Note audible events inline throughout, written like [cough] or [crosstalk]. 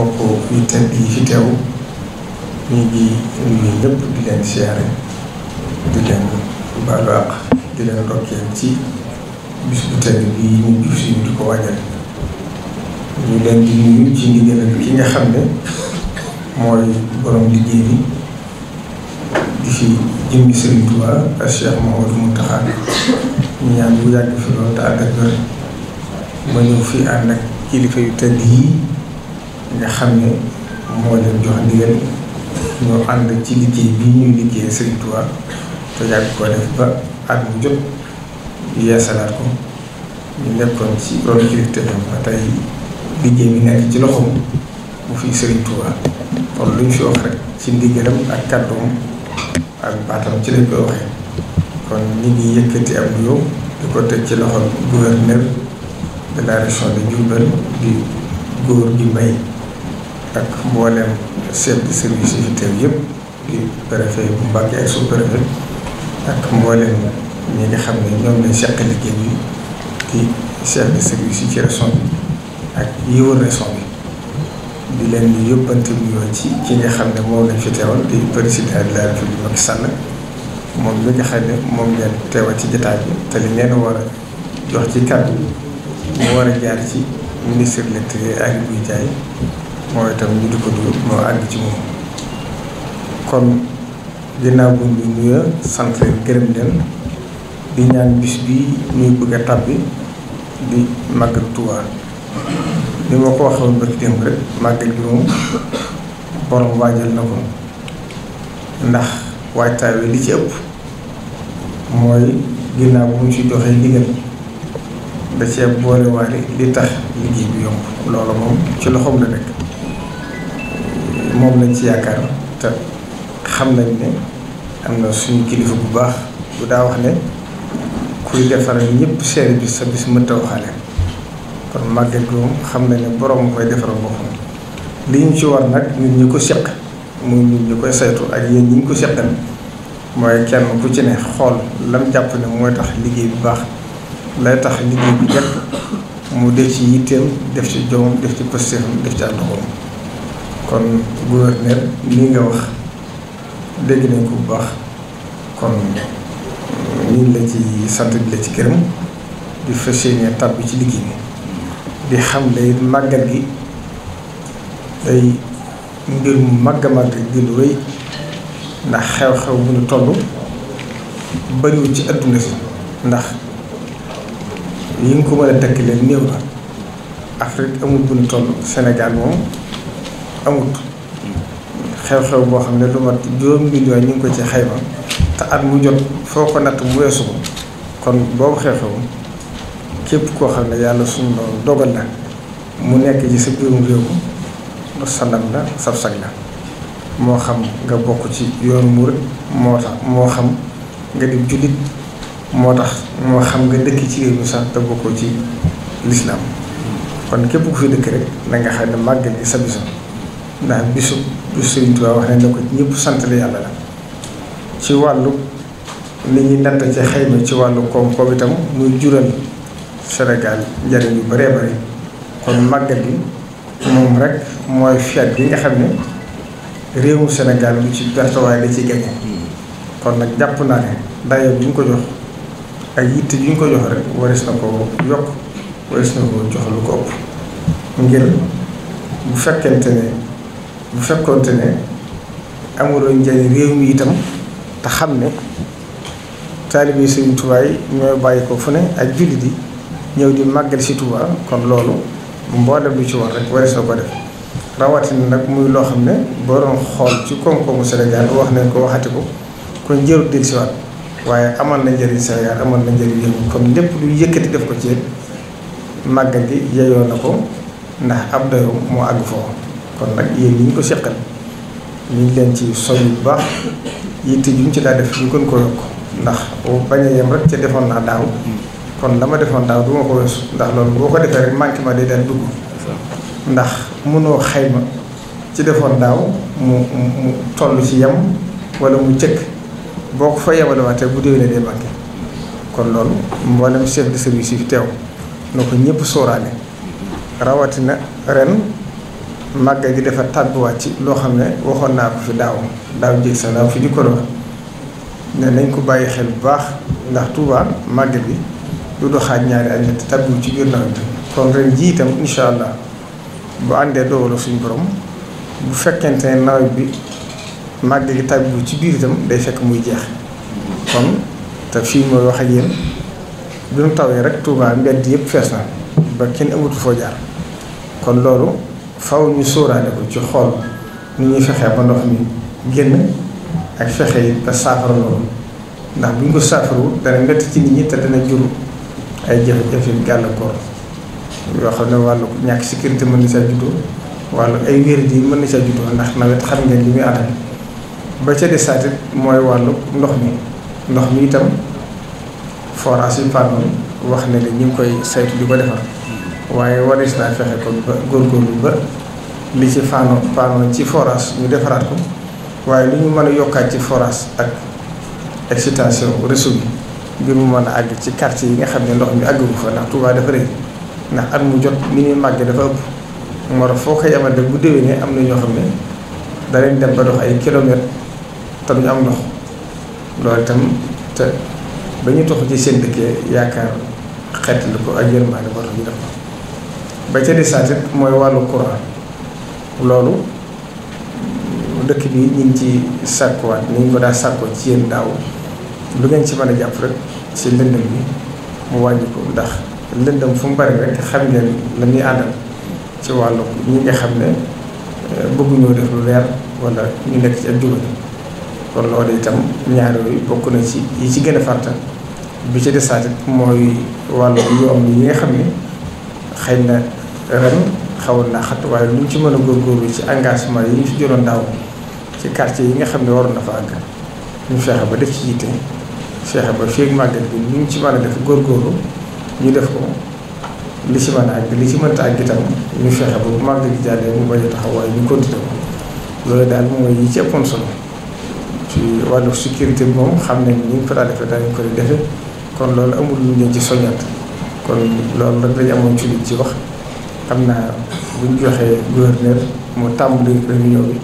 mbokk yu tedd yi fi teew ñu ngi nuyu ñëpp di leen siyaare di leen baalu àq di leen rokkeel ci bis bu bi ñu jub si di ko waajal ñu leen di nuyu ci ndigalal ki nga xam ne mooy borom liggéey bi di fi jëmmi Serigne Touba ak Cheikh Mouhamadou Mountakha ñu ñaan bu yàgg fi loolu te ànd ak ma ñëw fi ànd ak kilifa yu tedd yii nga xam ne moo leen jox ndigal ñu ànd ci liggéey bi ñuy liggéey Sëriñ Tuubaa te yàgg ko def ba at mu jot yeesalaat ko ñu nekkoon ci loolu kilifte ba tey liggéey bi nekk ci loxoom bu fi Sëriñ Tuubaa kon lu ñu fi wax rek ci ndigalam ak kàddoom ak baatam ci lañ koy waxee kon ñu ngi yëkkati ab nuyoo di ko teg ci loxol gouverneur de la région de di góor gi Mbaye ak mboolem chef de service yi fi teew yëpp di préfet bu Mbàkke ak sous-préfet ak mboolem ñi nga xam ne ñoom lañ seq liggéey bi di chef de service yi ci région bi ak yi wër bi di leen di yóbbante nuyoo ci ki nga xam ne moom lañ fi teewal di président de la République Macky Sall moom mi nga xam ne moom ngeen teewal ci jotaay bi te li ngeen war a jox ci kàddu mu war a jaar ci ministre de ak buy jaay moo itam ñu di ko dugub moo àgg ci moom kon ginnaaw bu ñu nuyoo gërëm leen di ñaan bis bi ñuy bëgg a tàbbi di màggal Tuubaa li ma ko waxoon barki démb rek màggal gi borom waajal na ko ndax waajtaay wi li ci ëpp mooy ginnaaw bu mu ci joxee ndigal da cee boolewaale li tax liggéey bi yomb loolu moom ci loxoom la nekk moom lañ ci yaakaar te xam nañ ne am na suñu kilifa bu baax bu daa wax ne kuy defaral ñëpp seere bi sa bis mënta waxaale kon màgget moom xam nañ ne borom koy defaral boppam li ñu ci war nag nit ñi ko seq muy nit ñu koy saytu ak yéen ñi ñu ko seqal mooy kenn ku ci ne xool lam jàpp ne mooy tax liggéey bu baax lay tax liggéey bu jekk mu def ci yitteem def ci jomam def ci pëstéefam def ci ànd doxam kon gouverneur lii nga wax dégg nañ ko bu baax kon ñu ngi la ci sant di ci gërëm di fas yéene tàbbi ci liggéey bi di xam lay màggal gi day mbir mu màgg a màgg di lu rëy ndax xew-xew bu ñu toll bariwul ci adduna si ndax yi nga ko mën a dëkk leen néew la Afrique amul bu ñu toll Sénégal moom amut xew-xew boo xam ne lu mat juróom million ñu ngi ko ci xayma te at mu jot foo ko natt mu weesu ko kon boobu xew-xew képp koo xam ne yàlla suñu dogal na mu nekk ci sa biirum réew mi sanam la sab sag la moo xam nga bokk ci yoon murit moo tax moo xam nga dem jullit moo tax moo xam nga dëkk ci réew mi sax te bokkoo ci lislaam kon képp ku fi dëkk rek na nga xam ne màggal gi sa bisa ndax bisu bu Sëriñ Tuubaa wax ne na ko ñëpp sant yàlla la ci wàllu li ñuy natt ci xayma ci wàllu koom-koom itam muy jural Sénégal njariñ yu baree bari kon màggal gi moom rek mooy fiat bi nga xam ne réewum Sénégal lu ci bertawaay la ci gañe kon nag jàpp naa ne dayo bi ñu ko jox ak yitte bi ñu ko jox rek waris na ko yokk waris na ko jox lu ko ëpp ngir bu fekkente ne bu fekkoonte ne amuloo njëriñ réew mi itam te xam ne taalibe Sëriñ Tuubaa yi ñooy bàyyi ko fu ne ak jullit yi ñëw di màggal si Tuubaa kon loolu mboolem lu ci war rek warees na ko def rawatina nag muy loo xam ne boo doon xool ci koom-koomu Sénégal wax nañ ko waxati ko kon njëru del si waat waaye amal na njëriñ Sénégal amal na njëriñ réew mi kon lépp lu yëkkati def ko ci màggal gi yeyoo na ko ndax ab dayo moo àgg foofu kon nag yéen ñi ñu ko seqal ñu ngi leen ci soñ bu baax yitte ju ci daal def ñu gën ko yokk ndax bañ a yem rek ca defoon naa daaw kon la ma defoon daaw du ma ko weesu ndax loolu boo ko defee rek manquement day daal dugg ndax mënoo xayma ci defoon daaw mu mu tollu ci yem walla mu cëkk boo ko fa yemalewaatee bu déwénee day manqué kon loolu mboolem chef de service yi fi teew na ko ñëpp sóoraale rawatina ren. màggal gi dafa tàbbiwaat ci loo xam ne waxoon naa ko fi daaw daaw jéeg sax daaw fi di ko ne nañ ko bàyyi xel bu baax ndax Touba màggal bi du doxaat ñaari ak ñett tàbbiwu ci biir nawet kon ren jii allah bu àndee dogalu suñu borom bu fekkente ne bi màggal gi tàbbiwu ci biir itam day fekk muy jeex kon te fii mooy wax ak yéen bi mu tawee rek Touba mbedd yëpp fees na ba kenn amatu foo jaar kon loolu. faw ñu sóoraale ko ci xool nu ñuy fexee ba ndox mi génn ak fexe yi ba saafara loolu ndax bu ñu ko saafaru dana métti ci nit ñi te dana jur ay jafe-jafe gàllankoor yoo xam ne wàllu ñàkk sécurité mën na saa juddoo wàllu ay wér di mën na saa juddoo ndax nawet xam ngeen li muy àndal ba ca desaat mooy wàllu ndox mi ndox mi itam forage yu paan wax ne ni ñu ngi koy saytu di ko defar. waaye waris naa fexe kon ba góorgóorlu ba li ci faano faanoon ci forage ñu defaraat ko waaye lu ñu mën a yokkaat ci forage ak excitation réseau bi ngir mu mën a àgg ci quartier yi nga xam ne ndox mi àggagu fa ndax Touba dafa rëy ndax at mu jot ni ñuy màgg dafa ëpp moo tax foo ko yemal bu déwénee am na ñoo xam ne danañ dem ba dox ay kilomètres te ñu am ndox loolu tam te ba ñu tox ci seen dëkkee yaakaar xeet la ko ak yërmaane moo tax ñu def ko ba ca desaat it mooy wàllu courant loolu dëkk bi ñu ngi ci sàkkuwaat ni ñu ko daa sàkkoo ci yéen daaw lu ngeen ci mën a jàpp rek ci lëndëm bi mu wàññi ndax lëndëm fu mu bari rek xam ngeen la ñuy àndal ci wàllu ñi nga xam ne euh, bëgguñoo def lu leer wala ñu nekk ci ak jubal kon loolu itam ñaar yooyu bokk na ci yi ci gën a farta bi ci desaat it mooy wàllu yoon yi nga xam ne xëy na ren xawoon naa xat waaye luñ ci mën a góorgóorlu ci engagement yi ñu fi jëloon daaw ci quartier yi nga xam ne waroon na fa àgg ñu fexe ba def ci yitte fexe ba fi ak màggal bi ñu ci mën a def góorgóorlu ñu def ko li ci mën a àgg li ci mënta àgg itam ñu fexe ba bu màggal gi jàllee mu bañ a taxaw waaye ñu continué ko loolu daal mooy yi ci ëppoon solo ci wàllu sécurité bi moom xam nañ ni ñu ko daal defee daañu ko di kon loolu amul ñu leen ci soññat. kon loolu rek lañu amoon ci liñ ci wax xam naa buñ joxee gouverneur mu tàmbali réunion bi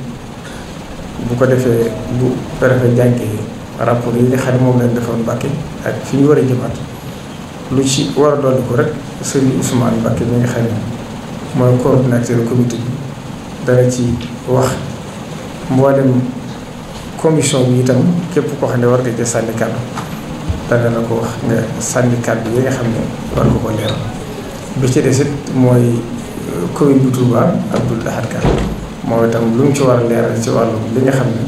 bu ko defee bu préfet jànkee rapport yi nga xam moom lañ defoon Mbàkke ak fi ñu war a jëmaat lu ci war a dolli ko rek sëriñ Ousmane Mbàkke mi nga xam ne mooy coordinateur comité bi dana ci wax mboolem commission bi itam képp koo xam ne war nga jël sànni kàddu dana la ko wax nga sànni kàddu yi nga xam ne war nga ko leeral bi ci des it mooy euh, commune bu Touba Abdoul Ahad moo itam lu mu ci war a leeral ci wàllu li nga xam ne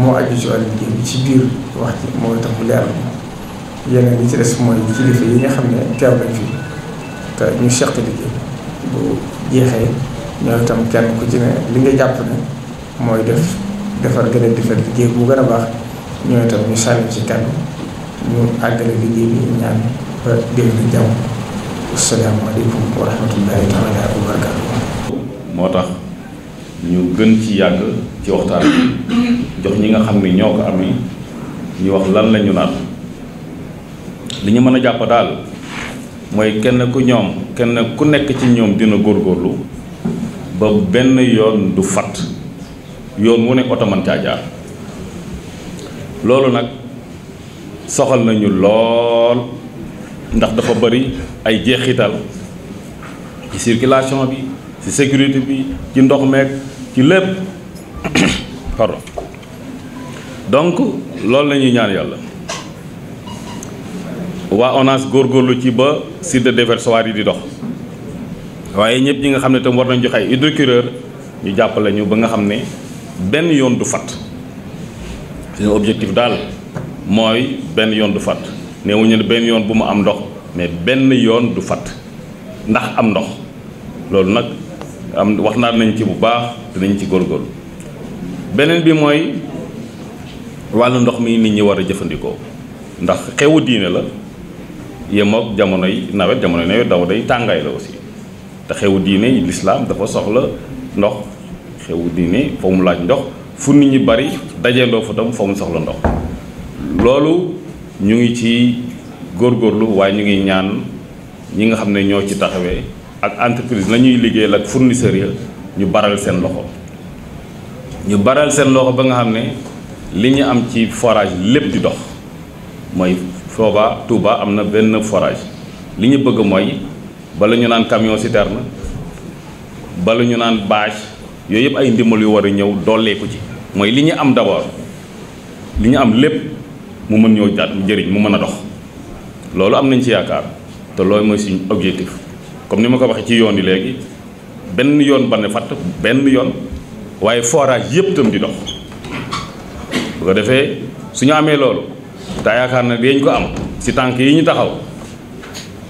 moo aju ci wàllu liggéey bi ci biir wax ji moo itam mu leeral ko yeneen li ci des mooy kilifa yi nga xam ne teew fii te ñu seq liggéey bu jeexee ñoo itam kenn ku ci li nga jàpp ne mooy def defar gën a defar liggéey bu gën a baax ñoo itam ñu sànni ci kàddu ñu àggale moo tax ñu gën ci yàgg ci waxtaan bi jox ñi nga xam ni ñoo ko amee ñu wax lan lañu ñu naan li ñu mën a jàpp daal mooy kenn ku ñoom kenn ku nekk ci ñoom dina góorgóorlu ba benn yoon du fat yoon wu ne oto man caa jaar loolu nag soxal nañu lool ndax dafa bëri ay jeexital ci circulation bi ci sécurité bi ci ndox meek ci lépp [coughs] donc loolu la ñuy ñaan yàlla waa ONAS góorgóorlu ci ba site de déversoir yi di dox waaye ñëpp ñi nga xam ne tam war nañ jox ay hydrocureur ñu jàppale ñu ba nga xam ne benn yoon du fat suñu objectif daal mooy benn yoon du fatt neewuñu ne benn yoon bu mu am ndox mais benn yoon du fatt ndax am ndox loolu nag am wax naa nañ ci bu baax nañ ci góor beneen bi mooy wàll ndox mi nit ñi war a jëfandikoo ndax xewu diine la yem ak jamonoy nawet jamonoy nawet daw day tàngaay la aussi te xewu diine lislaam dafa soxla ndox xewu diine foo mu laaj ndox fu nit ñi bari dajee ndoo fa tam foo mu soxla ndox loolu ñu ngi ci góor góorlu waaye ñu ngi ñaan ñi nga xam ne ñoo ci taxawee ak entreprise lañuy ñuy liggéeyal ak fournisseurs ya ñu baral seen loxo ñu baral seen loxo ba nga xam ne li ñu am ci forage lépp di dox mooy Fooba Touba am na benn forage li ñu bëgg mooy bala ñu naan camion citerne bala ñu naan bâche yooyu yëpp ay ndimbal yu war ñëw dooleeku ci mooy li ñu am d'abord li ñu am lépp mu mën ñoo jaat njëriñ jëriñ mu mën a dox loolu am nañ ci yaakaar te loolu mooy suñu objectif comme ni ma ko waxee ci yoon yi léegi benn yoon ne fatt benn yoon waaye forage yëpp tam di dox bu ko defee suñu amee loolu te yaakaar na dañ ko am si tànk yi ñu taxaw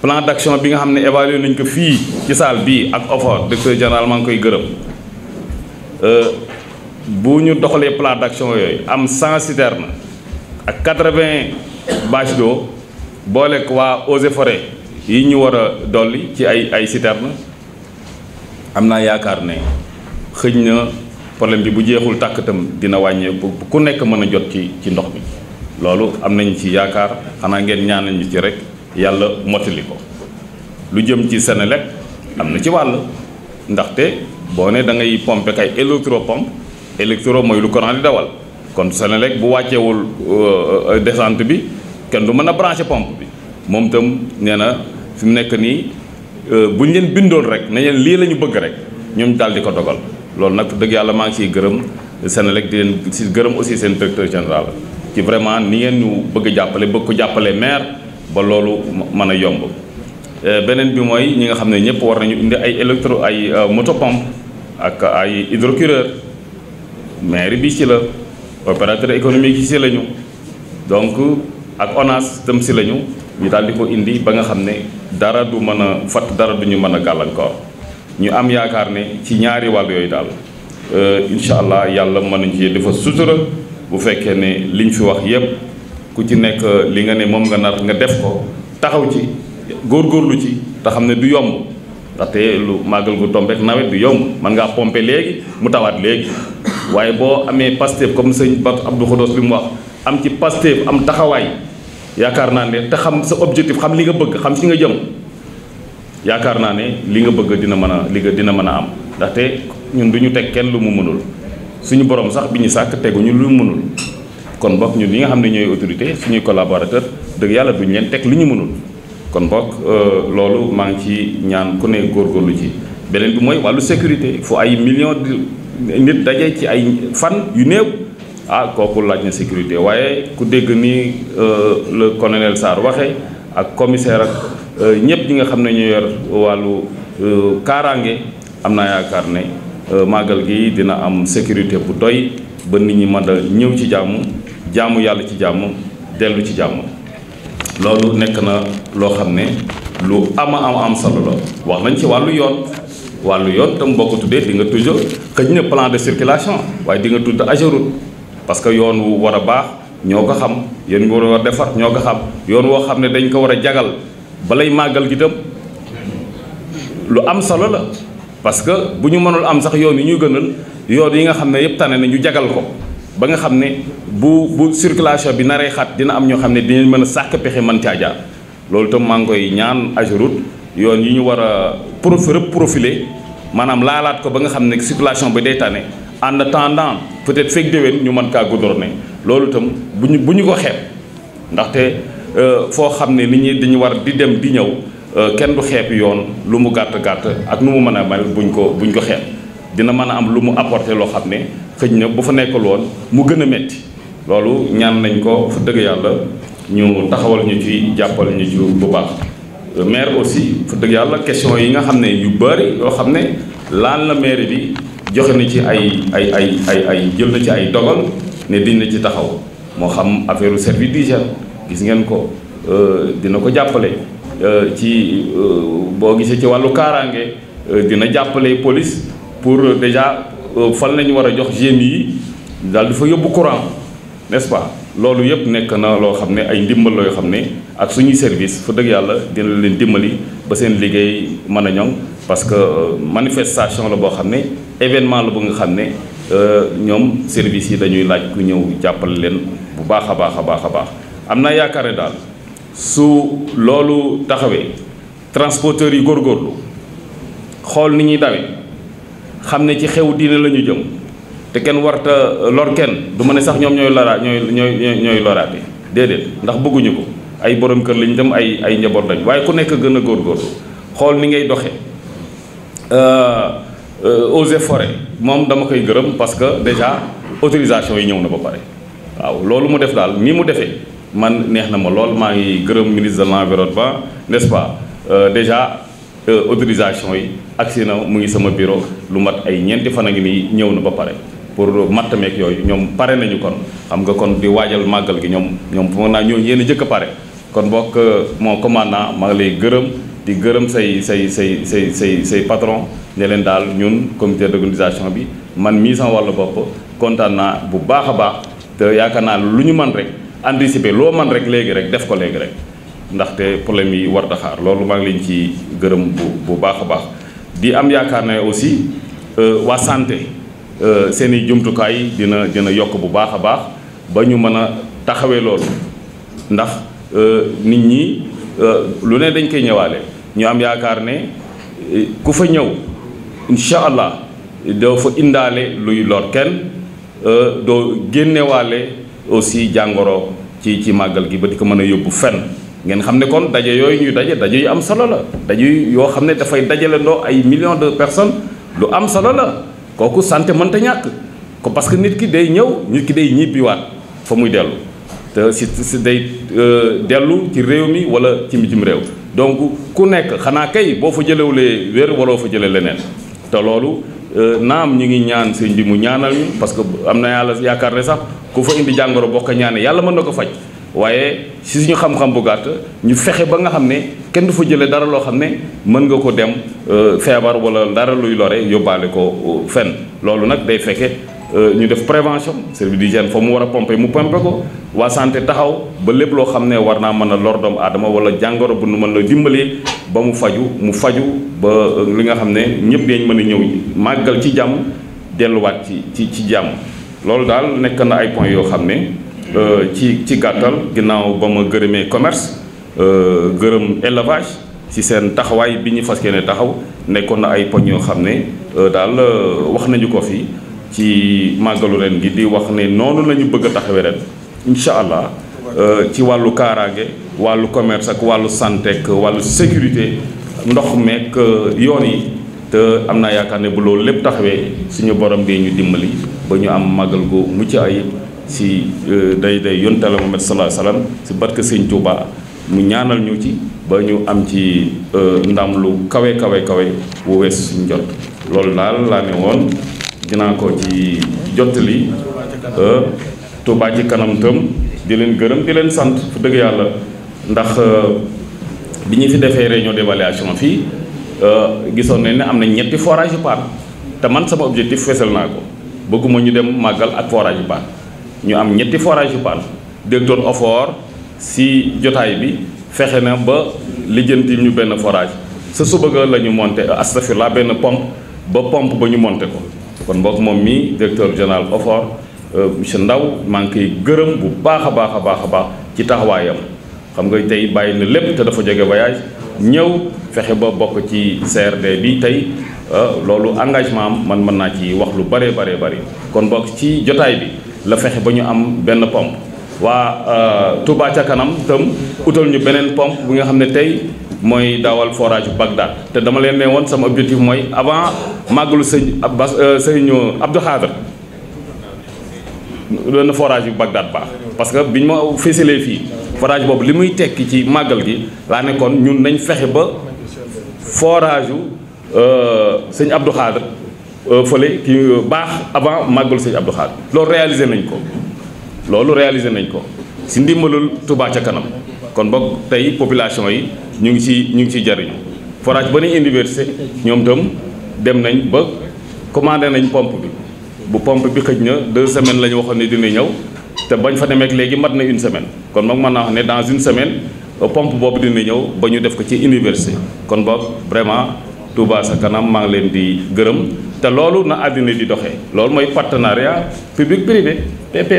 plan d'action bi nga xam ne évalué nañ ko fii ci salle bii ak OFOR directeur général maa ngi koy gërëm euh, bu ñu doxalee plan d'action yooyu am san 100 na ak quatre-vingts bâche d'eau boole waa eaux et yi ñu war a dolli ci ay ay citerne am naa yaakaar ne xëñ na problème bi bu jeexul tàkk itam dina wàññeeku ku nekk mën a jot ci ci ndox mi loolu am nañ ci yaakaar xanaa ngeen ñaanal ñu ci rek yàlla mottali ko lu jëm ci Senelec am na ci wàll ndaxte boo ne da ngay pompe kay électropompe électro mooy lu courant di dawal kon Senelec bu wàcceewul euh, euh, descente bi kenn du mën a branché pompe bi moom itam nee na fi mu nekk nii euh, bu ñu leen bindool rek ne leen lii la ñu bëgg rek ñoom daal di ko dogal loolu nag dëgg yàlla maa ngi ciy gërëm Senelec di leen si gërëm aussi seen directeur général ci vraiment ni ngeen ñu bëgg jàppale bëgg ko jàppale maire ba loolu mën a yomb beneen bi mooy ñi nga xam ne ñëpp war nañu indi ay électro ay moto pompe ak ay hydrocureur maire bi ci la opérateur économique yi si lañu donc ak ONAS tam si lañu ñu daal di ko indi ba nga xam ne dara du mën a fatt dara du ñu mën a gàllankoor ñu am yaakaar ne ci ñaari wàll yooyu daal euh, incha allah yàlla mën nañu ci dafa sutura bu fekkee ne liñ fi wax yépp ku ci nekk li nga ne moom nga nar nga def ko taxaw ci góor góorgóorlu ci te xam ne du yomb ndaxte lu màggal gu tombeek nawet du yomb mën ngaa pompe léegi mu tawaat léegi waaye boo amee Pastef comme sëñ Bat Abdou Khodos li mu wax am ci Pastef am taxawaay yaakaar naa ne te xam sa objectif xam li nga bëgg xam fi nga jëm yaakaar naa ne li nga bëgg dina mën a li nga dina mën a am ndaxte ñun du ñu teg kenn lu mu mënul suñu borom sax bi ñu sàkk teguñu lu mu mënul kon bokk ñun ñi nga xam ne ñooy autorité suñuy collaborateur dëgg yàlla duñu leen teg lu ñu mënul kon bokk euh, loolu maa ngi ci ñaan ku ne góorgóorlu ci sécurité ay millions nit daje ci ay fan yu néew ah kooku laaj na sécurité waaye ku dégg ni euh, le colonel Sarr waxe ak commissaire ak euh, ñëpp ñi nga xam ne ñu yor wàllu euh, kaaraange am naa yaakaar ne màggal gi dina am sécurité bu doy ba nit ñi mën a ñëw ci jàmm jaamu yàlla ci jàmm dellu ci jàmm loolu nekk na loo xam ne lu ama am am solo wax nañ ci wàllu yoon wàllu yoon tam boo ko tuddee di nga toujours xëj na plan de circulation waaye di nga tudd AGEROUTE parce que yoon wu war a baax ñoo ko xam yéen ngi war a defar ñoo ko xam yoon woo xam ne dañ ko war a jagal balay màggal gi tam lu am solo la parce que bu ñu mënul am sax yoon yi ñu gënal yoon yi nga xam ne yëpp tane na ñu jagal ko ba nga xam ne bu bu circulation bi naree xat dina am ñoo xam ne dinañ mën a sàkk pexe mën caa jaar loolu tam maa ngi koy ñaan AGEROUTE yoon yi ñu war a profi reprofiler maanaam laalaat ko ba nga xam ne circulation bi day tane en attendant peut-être fekk déwén ñu mën kaa goudronner loolu tam bu ñu bu ñu ko xeeb ndaxte euh, foo xam ne nit ñi dañu war di dem di ñëw euh, kenn du xeeb yoon lu mu gàtt gàtt ak nu mu mën a mel buñ ko buñ ko xeeb dina mën a am lu mu apporter loo xam ne xëñ na bu fa nekkul woon mu gën a metti loolu ñaan nañ ko fu dëgg yàlla ñu taxawal ñu ci jàppal ñu ci bu baax. Euh, maire aussi fa dëgg yàlla question yi nga xam ne yu bëri yoo xam ne laal na maire bi joxe na ci ay ay ay ay ay jël na ci ay dogal ne dina ci taxaw moo xam affaire service d'hygiène gis ngeen ko euh, dina ko jàppale euh, ci boo gisee ci wàllu kaaraange dina jàppale police pour déjà fan la ñu war a jox GMI yi daal di fa yóbbu courant n'est-ce loolu yëpp nekk na loo xam ne ay ndimbal la yoo xam ne ak suñuy service fa dëgg yàlla dina leen dimbali ba seen liggéey mën a ñoŋ parce que euh, manifestation la boo xam ne événement la bu nga xam ne euh, ñoom service yi dañuy laaj ku ñëw jàppale leen bu baax a baax a baax a baax am naa yaakaar ne daal su loolu taxawee transporteurs yi góorgóorlu xool ni ñuy dawe xam ne ci xew dina la ñu jëm te kenn warta euh, lor kenn du ma ne sax ñoom ñooy loraa ñooy ñooy ñooy loraate déedéet ndax bëgguñu ko ay borom kër lañ dem ay ay njaboot lañ waaye ku nekk gën a góorgóorlu xool ni ngay doxee euh, euh, eaux et forêt moom dama koy gërëm parce que déjà autorisation yi ñëw na ba pare waaw loolu mu def daal ni mu defee man neex na ma lool maa ngi gërëm ministre de l'environnement n'est-ce pas déjà autorisation yi agsi na mu ngi sama bureau lu mat ay ñeenti fan a ngi nii ñëw na ba pare pour matt meeg yooyu ñoom pare nañu kon xam nga kon di waajal màggal gi ñoom ñoom foog naa ñoo yéen jëkk a pare kon bokk moo commandant maa ngi lay gërëm di gërëm say say say say say say patron ne leen daal ñun comité d'organisation bi man mii sama wàllu bopp kontaan naa bu baax a baax te yaakaar naa lu ñu man rek anticiper loo man rek léegi rek def ko léegi rek ndaxte problème yi war daxaar loolu mag ngi leen ci gërëm bu baax a baax di am yaakaar na aussi euh, waa Euh, seen i jumtukaay dina dina yokk bu baax a baax ba ñu mën a taxawee loolu ndax euh, nit ñi euh, lu ne dañ koy ñëwaale ñu am yaakaar ne ku fa ñëw incha allah doo fa indaale luy lor kenn doo génnewaale aussi jàngoro ci ci màggal gi ba di ko mën a yóbbu fenn ngeen xam ne kon daje yooyu ñuy daje daje am solo la daje yoo xam ne dafay dajale ndoo ay millions de personnes lu am solo la kooku santé mënta ñàkk ko parce que nit ki day ñëw nit ki day ñibbiwaat fa muy dellu te si day euh, dellu ci réew mi wala ci mijum réew donc ku nekk xanaa kay boo fa jëlewulee wér waroo fa jële leneen te loolu euh, naam ñu ngi ñaan sëñ bi mu ñaanal ñu parce que am na yàlla yaakaar ne sax ku fa indi jàngoro bokk ñaane yàlla mën na ko faj waaye si suñu xam-xam bu gàtt ñu fexe ba nga xam ne kenn du fa jëlee dara loo xam ne mën nga ko dem euh, feebar wala dara luy lore yóbbaale ko euh, fen loolu nag day fekke euh, ñu def prévention service d'hygiène fa mu war a pompe mu pomper ko waa santé taxaw ba lépp loo xam ne war naa mën a lor doomu aadama wala jàngoro bu nu mën na dimbalee ba mu faju mu faju ba li nga xam ne ñëpp dañ mën a ñëw màggal ci jàmm delluwaat ci ci ci jàmm loolu daal nekk na ay points yoo xam ne. Euh, ci ci gàttal ginnaaw ba ma gërëmee commerce euh, gërëm élevage ci seen taxawaay bi ñu fas yéene taxaw nekkoon na ay poñ yoo xam ne euh, daal wax nañu ko fi ci màggalu ren gi di wax ne noonu la ñu bëgg taxawee ren incha allah ci wàllu kaaraage wàllu commerce ak wàllu santé ak wàllu sécurité ndox meek yoon yi te am naa yaakaar ne bu loolu lépp taxawee suñu borom dee ñu dimbali ba ñu am màggal gu mucc ayib. si euh, day day yontala Muhammad sallallahu alayhi wasallam si barke sëñ Tuuba mu ñaanal ñu ci ba ñu am ci euh, ndam lu kawe kawe kawe wu weesu suñ jot loolu daal laa ne woon dinaa ko ci li euh, Tuuba ci kanam tam di leen gërëm di leen sant fu dëgg yàlla ndax bi ñu fi defee réunion d'évaluation fii gisoon nañ ne am na ñetti forage paan te man sama objectif fesal naa ko bëgguma ñu dem màggal ak forage yu paan ñu am ñetti forage yu paan directeur ofoor si jotaay bi fexe na ba lijjanti ñu benn forage sa suba ga la ñu monté astafurlah benn pompe ba pompe ba ñu monté ko kon mbokk moom mii directeur général OFOR euh, monsieur Ndaw maa ngi koy gërëm bu baax a baax a baax a baax ci taxawaayam xam nga tey bàyyi na lépp te dafa jege voyage ñëw fexe ba bokk ci CRD bi tey euh, loolu engagement am man mën naa ci wax lu bare bare bari kon bokk ci jotaay bi la fexe ba ñu am benn pompe waa euh, tubaa ca kanam tam utal ñu beneen pompe bu nga xam ne tey mooy daawal forage bagdaat te dama leen ne woon sama objectif mooy avant màggalu sëñ Abbas euh, sëñ Abdou Khadre lenn forage bi Bagdad baax parce que bi ñu ma fésalee fii forage boobu li muy tekki ci màggal gi laa nekkoon ñun nañ fexe ba forage yu euh, sëñ Abdou Khadre Euh, fole ki euh, baax avant màggalu sëñ Abdou Khadre loolu réalisé nañ ko loolu réalisé nañ ko si ndimbalul tubaa ca kanam kon boog tey population yi ñu ngi ci ñu ngi ciy jariñ forage ba nañ université ñoom itam dem nañ ba commander nañ pompe bi bu pompe bi xëj na deux semaines la ñu waxoon ne dina ñëw te bañ fa demee léegi mat na une semaine kon moom mën naa wax ne dans une semaine pompe boobu dina ñëw ba ñu def ko ci université kon boog vraiment Touba sa kanam maa ngi leen di gërëm te loolu na àddina di doxee loolu mooy partenariat public privé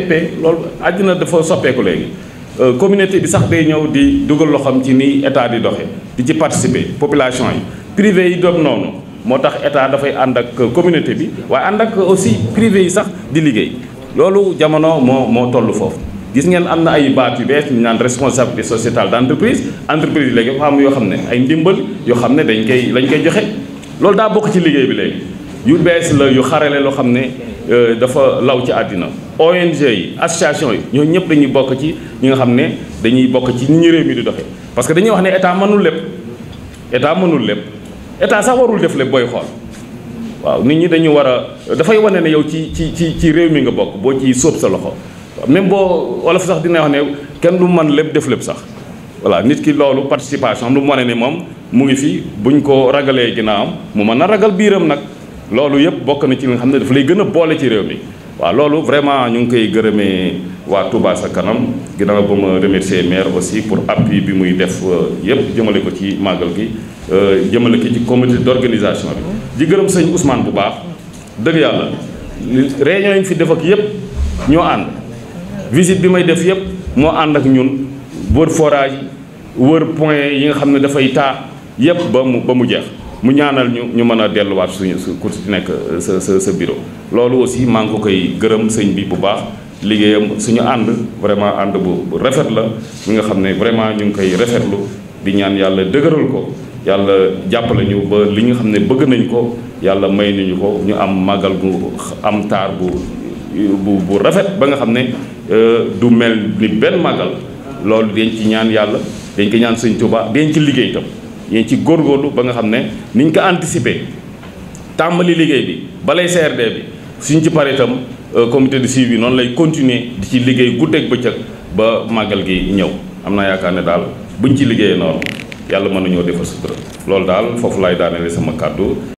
p loolu àddina dafa soppeeku léegi euh, communauté bi sax day ñëw di dugal loxoom ci ni état di doxe di ci participer population yi privé yi doom noonu moo tax état dafay ànd ak communauté bi waaye ànd ak aussi privé yi sax di liggéey loolu jamono moo moo toll foofu gis ngeen am na ay baat yu bees ñu naan responsabilité sociétale d' entreprise entreprise léegi dafa yoo xam ne ay ndimbal yoo xam ne dañ koy lañ koy joxe loolu daa bokk ci liggéey bi léegi yu bees la yu xarale loo xam ne euh, dafa law ci àddina ONG yi association yi ñoo ñëpp dañuy bokk ci ñi nga xam ne dañuy bokk ci ni ñu réew mi di doxee parce que dañuy wax ne état manul lépp état mënul lépp état sax warul def lépp booy xool waaw nit ñi dañu war a dafay wane ne yow ci ci ci ci réew mi nga bokk boo ci sóob sa loxo même boo olof sax dina wax ne kenn du mën lépp def lépp sax voilà nit ki loolu participation am lu mu wane ne moom mu ngi fi buñ ko ragalee ginnaawam mu mën na ragal biiram nag loolu yëpp bokk na ci li nga xam ne daf lay gën a boole ci réew mi. waaw loolu vraiment ñu ngi koy gërëmee waa Touba sa kanam ginnaaw ba ma remercier maire aussi pour appui bi muy def euh, yëpp jëmale ko ci màggal gi euh, jëmale ko ci comité d'organisation bi. di gërëm sëñ Ousmane bu baax dëgg yàlla réunion yi ñu fi def yëpp ñoo ànd. visite bi may def yëpp moo ànd ak ñun wër forage wër point yi nga xam ne dafay taa yëpp ba mu ba mu jeex mu ñaanal ñu ñu mën a delluwaat suñu ku ci nekk sa sa sa bureau. loolu aussi maa ngi ko koy gërëm sëñ bi bu baax liggéeyam suñu ànd vraiment ànd bu rafet la mi nga xam ne vraiment ñu ngi koy rafetlu di ñaan yàlla dëgëral ko. yàlla jàppale ñu ba li nga xam ne bëgg nañ ko yàlla may nañu ko ñu am màggal gu am taar bu bu bu rafet ba nga xam ne Euh, du mel ni benn màggal loolu dañ ñaan yàlla dañ ko ñaan suñ Tuubaa dañ ci liggéey itam dañ ci góorgóorlu ba nga xam ne niñ ko anticiper tàmbali liggéey bi balay CRD bi suñ ci paree itam euh, comité de suivi noonu lay continuer di ci liggéey guddeeg bëccëg ba màggal gi ñëw am naa yaakaar ne daal buñ ci liggéeyee noonu yàlla mën nañoo defar sutura loolu daal foofu laay daaneele sama kàddu